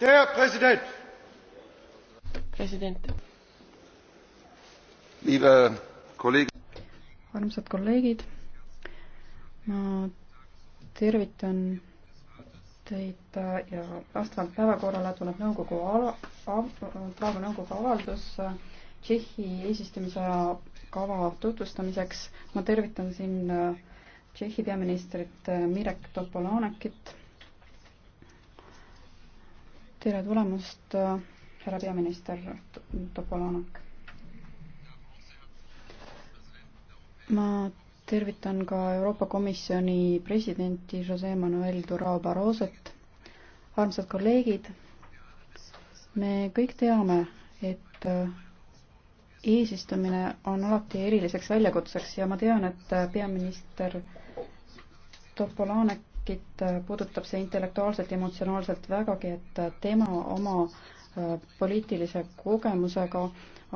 Der Präsident! President. Liebe Kollegen. armsad kolleegid, ma tervitan teid äh, ja vastavalt päevakorrale tuleb nõukogu ala, praegu nõukogu avaldus äh, Tšehhi eesistumisaja kava tutvustamiseks. ma tervitan siin äh, Tšehhi peaministrit Mirek Topolanekit tere tulemast, äh, härra peaminister Topolanek. ma tervitan ka Euroopa Komisjoni presidenti Jose Manuel Durao Barroset. armsad kolleegid, me kõik teame, et äh, eesistumine on alati eriliseks väljakutseks ja ma tean, et äh, peaminister Topolanek Baskit äh, puudutab see intellektuaalselt ja emotsionaalselt vägagi, et äh, tema oma äh, poliitilise kogemusega,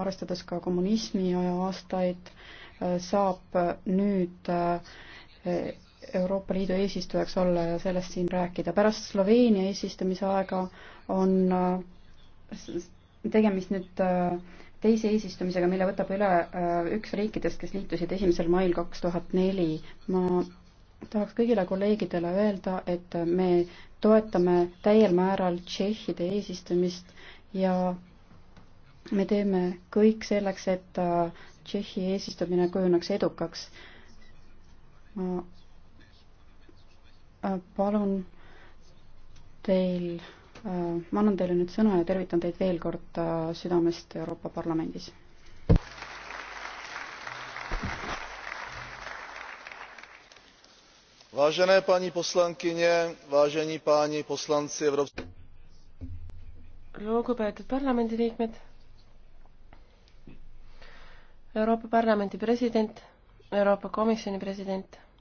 arvestades ka kommunismi aja aastaid, saab nüüd e-, Euroopa Liidu eesistujaks olla ja sellest siin rääkida. pärast Sloveenia eesistumise aega on tegemist nüüd teise eesistumisega, mille võtab üle üks riikidest, kes liitusid esimesel mail kaks tuhat neli. ma tahaks kõigile kolleegidele öelda, et me toetame täiel määral Tšehhide eesistumist ja me teeme kõik selleks, et äh, Tšehhi eesistumine kujuneks edukaks. ma äh, palun teil, äh, ma annan teile nüüd sõna ja tervitan teid veel kord südamest Euroopa Parlamendis vážené paní poslankyně vážení páni poslanci evropského parlamentu euroopa parlamendi president euroopa komisjoni president